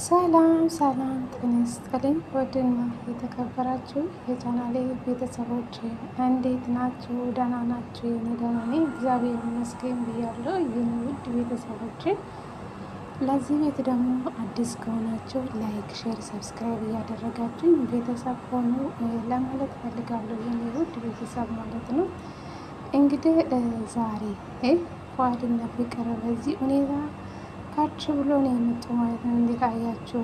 ሰላም ሰላም ጤና ይስጥልኝ። ወድና የተከበራችሁ የቻናሌ ቤተሰቦች እንዴት ናችሁ? ደህና ናችሁ? የኔ ደህና ነኝ እግዚአብሔር ይመስገን ብያለሁ። የኔ ውድ ቤተሰቦች ለዚህ ቤት ደግሞ አዲስ ከሆናችሁ ላይክ፣ ሼር፣ ሰብስክራይብ እያደረጋችሁኝ ቤተሰብ ሆኑ ለማለት ፈልጋለሁ። የኔ ውድ ቤተሰብ ማለት ነው። እንግዲህ ዛሬ ፏድና ፍቅር በዚህ ሁኔታ ካች ብሎ ነው የመጡ ማለት ነው። እንዴት አያችሁ?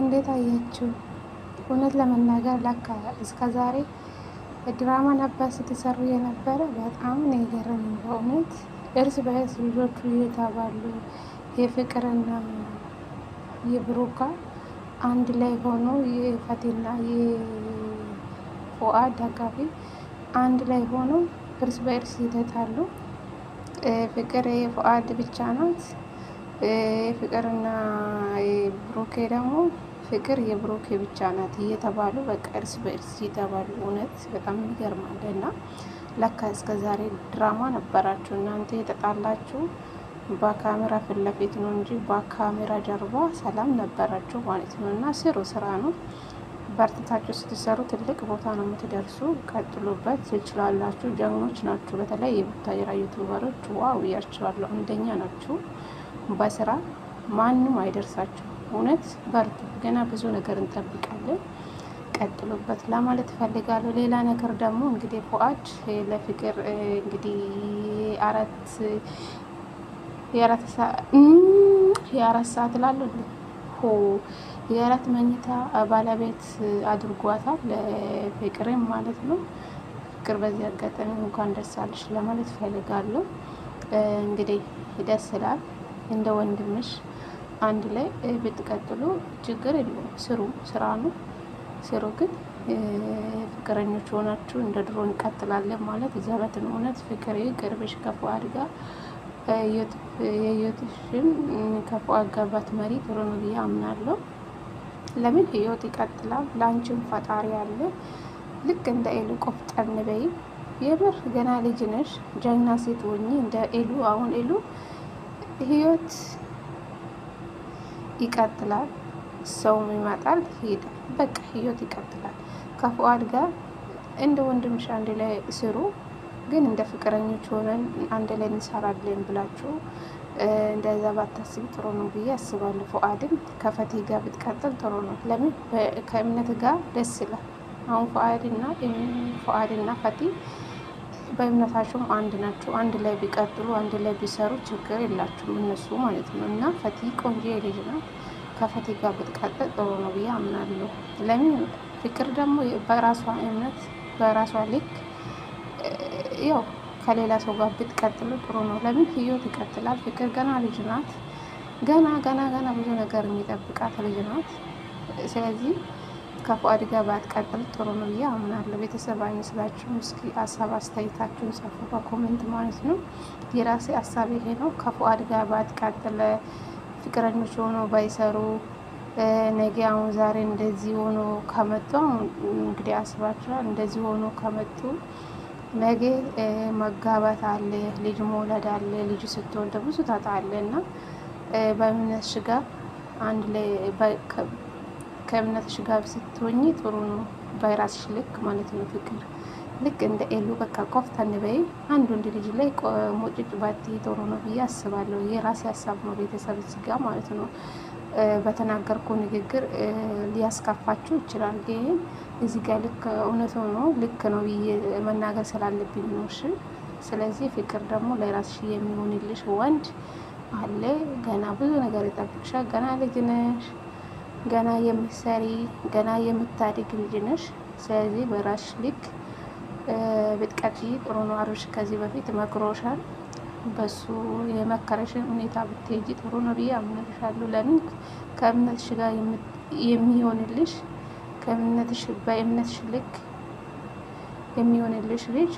እንዴት አያችሁ? እውነት ለመናገር ለካ እስከ ዛሬ ድራማ ነበር ስትሰሩ የነበረ። በጣም ነው የገረመኝ በእውነት እርስ በእርስ ልጆቹ እየተባሉ የፍቅርና የብሩካ አንድ ላይ ሆኖ የፈቲና የፉአድ አጋቢ አንድ ላይ ሆኖ እርስ በእርስ ይተታሉ። ፍቅር የፉአድ ብቻ ናት። ፍቅርና ብሩኬ ደግሞ ፍቅር የብሩኬ ብቻ ናት እየተባሉ በቃ እርስ በእርስ እየተባሉ እውነት በጣም ይገርማል። እና ለካ እስከ ዛሬ ድራማ ነበራችሁ እናንተ የተጣላችሁ በካሜራ ፊት ለፊት ነው እንጂ በካሜራ ጀርባ ሰላም ነበራችሁ ማለት ነው። እና ስሩ ስራ ነው። በርትታችሁ ስትሰሩ ትልቅ ቦታ ነው የምትደርሱ። ቀጥሉበት ትችላላችሁ። ጀግኖች ናችሁ። በተለይ የቡታጅራ ዩቱበሮች ዋው እያችኋለሁ፣ አንደኛ ናችሁ። በስራ ማንም አይደርሳችሁ። እውነት በርቱ። ገና ብዙ ነገር እንጠብቃለን። ቀጥሉበት ለማለት እፈልጋለሁ። ሌላ ነገር ደግሞ እንግዲህ ፎአድ ለፍቅር እንግዲህ አራት የአራት ሰዓት ላሉ ሆ የአራት መኝታ ባለቤት አድርጓታል ፍቅሬም ማለት ነው። ፍቅር በዚህ አጋጣሚ እንኳን ደስ አለሽ ለማለት ፈልጋለሁ። እንግዲህ ደስ ይላል። እንደ ወንድምሽ አንድ ላይ ብትቀጥሉ ችግር የለውም። ስሩ፣ ስራ ነው ስሩ። ግን ፍቅረኞች ሆናችሁ እንደ ድሮ እንቀጥላለን ማለት ዘበትን እውነት ፍቅሬ ቅርብሽ ከፍ አድጋ የየትሽን ከፍ አጋባት መሪ ጥሩ ነው ብዬ አምናለሁ። ለምን ህይወት ይቀጥላል። ለአንቺም ፈጣሪ አለ። ልክ እንደ ኤሉ ቆፍጠን በይ። የምር ገና ልጅ ነሽ፣ ጀግና ሴት ሆኚ እንደ ኤሉ። አሁን ኤሉ ህይወት ይቀጥላል፣ ሰውም ይመጣል ሄደ፣ በቃ ህይወት ይቀጥላል። ከፉአድ ጋር እንደ ወንድምሽ አንድ ላይ ስሩ። ግን እንደ ፍቅረኞች ሆነን አንድ ላይ እንሰራለን ብላችሁ እንደዛ ባታስብ ጥሩ ነው ብዬ አስባለሁ። ፉአድም ከፈቴ ጋር ብትቀጥል ጥሩ ነው። ለምን ከእምነት ጋር ደስ ይላል። አሁን ፉአድና ፉአድና ፈቲ በእምነታቸውም አንድ ናቸው። አንድ ላይ ቢቀጥሉ፣ አንድ ላይ ቢሰሩ ችግር የላቸውም እነሱ ማለት ነው። እና ፈቲ ቆንጆ ልጅ ነው። ከፈቲ ጋር ብትቀጥል ጥሩ ነው ብዬ አምናለሁ። ለምን ፍቅር ደግሞ በራሷ እምነት በራሷ ልክ ያው ከሌላ ሰው ጋር ብትቀጥሉ ጥሩ ነው። ለምን ህይወት ይቀጥላል። ፍቅር ገና ልጅ ናት። ገና ገና ገና ብዙ ነገር የሚጠብቃት ልጅ ናት። ስለዚህ ከፉአድ ጋር ባትቀጥል ጥሩ ነው ብዬ አምናለሁ። ቤተሰብ አይመስላችሁም? እስኪ ሀሳብ አስተያየታችሁን ጻፉ በኮሜንት ማለት ነው። የራሴ ሀሳብ ይሄ ነው። ከፉአድ ጋር ባትቀጥለ ፍቅረኞች ሆኖ ባይሰሩ ነገ አሁን ዛሬ እንደዚህ ሆኖ ከመጡ አሁን እንግዲህ አስባችኋል። እንደዚህ ሆኖ ከመጡ ነገ መጋባት አለ፣ ልጅ መውለድ አለ። ልጅ ስትወልድ ብዙ ታጣ አለ እና በእምነትሽ ጋር አንድ ላይ ከእምነትሽ ጋር ስትሆኝ ጥሩ ነው። በራስሽ ልክ ማለት ነው። ፍቅር ልክ እንደ ኤሉ በቃ ቆፍጠን በይ። አንድ ወንድ ልጅ ላይ ሞጭጭ ባትይ ጥሩ ነው ብዬ አስባለሁ። የራሴ ሀሳብ ነው። ቤተሰብ ስጋ ማለት ነው በተናገርኩ ንግግር ሊያስከፋችሁ ይችላል። ግን እዚህ ጋር ልክ እውነት ሆኖ ልክ ነው ብዬ መናገር ስላለብኝ ነው። እሺ ስለዚህ ፍቅር ደግሞ ለራስሽ የሚሆንልሽ ወንድ አለ። ገና ብዙ ነገር ይጠብቅሻል። ገና ልጅ ነሽ፣ ገና የምትሰሪ ገና የምታድግ ልጅ ነሽ። ስለዚህ በራስሽ ልክ ብትቀጥይ ጥሩ ነው። አብርሽ ከዚህ በፊት መክሮሻል። በሱ የመከረሽን ሁኔታ ብትሄጂ ጥሩ ነው ብዬ አምንልሻለሁ። ለምን ከእምነትሽ ጋር የሚሆንልሽ ከእምነትሽ በእምነትሽ ልክ የሚሆንልሽ ልጅ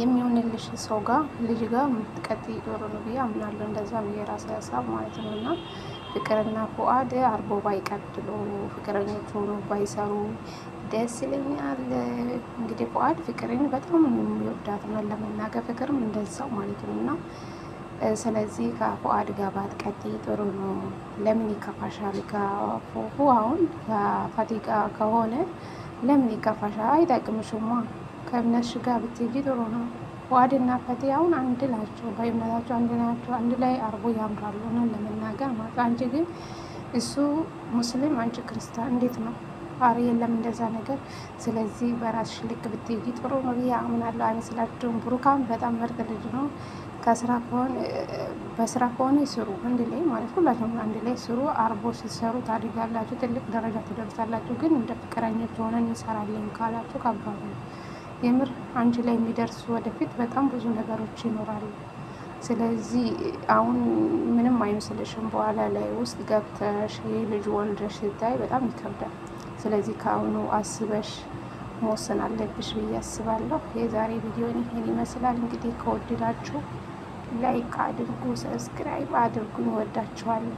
የሚሆንልሽ ሰው ጋር ልጅ ጋር የምትቀጥ ጥሩ ነው ብዬ አምናለሁ። እንደዛ ብዬ የራሴ ሀሳብ ማለት ነው እና ፍቅርና ፉአድ አርቦ ባይቀጥሉ ፍቅረኞች ሆኖ ባይሰሩ ደስ ይለኛል። እንግዲህ ፉአድ ፍቅርን በጣም የሚወዳት ነው ለመናገር ፍቅርም እንደዛው ማለት ነው እና ስለዚህ ከፉአድ ጋር ባትቀጥይ ጥሩ ነው። ለምን ይከፋሻል? ከፉፉ አሁን ከፋቲ ከሆነ ለምን ይከፋሻል? አይጠቅምሽማ። ከእምነትሽ ጋር ብትሄጂ ጥሩ ነው። ፉአድ እና ፈቲ አሁን አንድ ናቸው፣ በእምነታቸው አንድ ናቸው። አንድ ላይ አርቦ ያምራሉ ነው ለመናገር ማለት አንቺ ግን እሱ ሙስሊም አንቺ ክርስቲያን እንዴት ነው? አረ የለም እንደዛ ነገር። ስለዚህ በራስሽ ልክ ብትይ ጥሩ ነው ብዬ አምናለሁ። አይመስላችሁም? ብሩካን በጣም ምርጥ ልጅ ነው። ከስራ ከሆነ በስራ ከሆነ ስሩ፣ አንድ ላይ ማለት ሁላችሁም አንድ ላይ ስሩ። አርቦ ሲሰሩ ታድጋላችሁ፣ ትልቅ ደረጃ ትደርሳላችሁ። ግን እንደ ፍቅረኞች ሆነን እንሰራለን ካላችሁ ከባድ ነው የምር። አንቺ ላይ የሚደርስ ወደፊት በጣም ብዙ ነገሮች ይኖራሉ። ስለዚህ አሁን ምንም አይመስልሽም። በኋላ ላይ ውስጥ ገብተሽ ልጅ ወልደሽ ሲታይ በጣም ይከብዳል። ስለዚህ ከአሁኑ አስበሽ መወሰን አለብሽ ብዬ አስባለሁ። የዛሬ ቪዲዮ ይህን ይመስላል። እንግዲህ ከወደዳችሁ ላይክ አድርጉ፣ ሰብስክራይብ አድርጉኝ። ወዳችኋለሁ።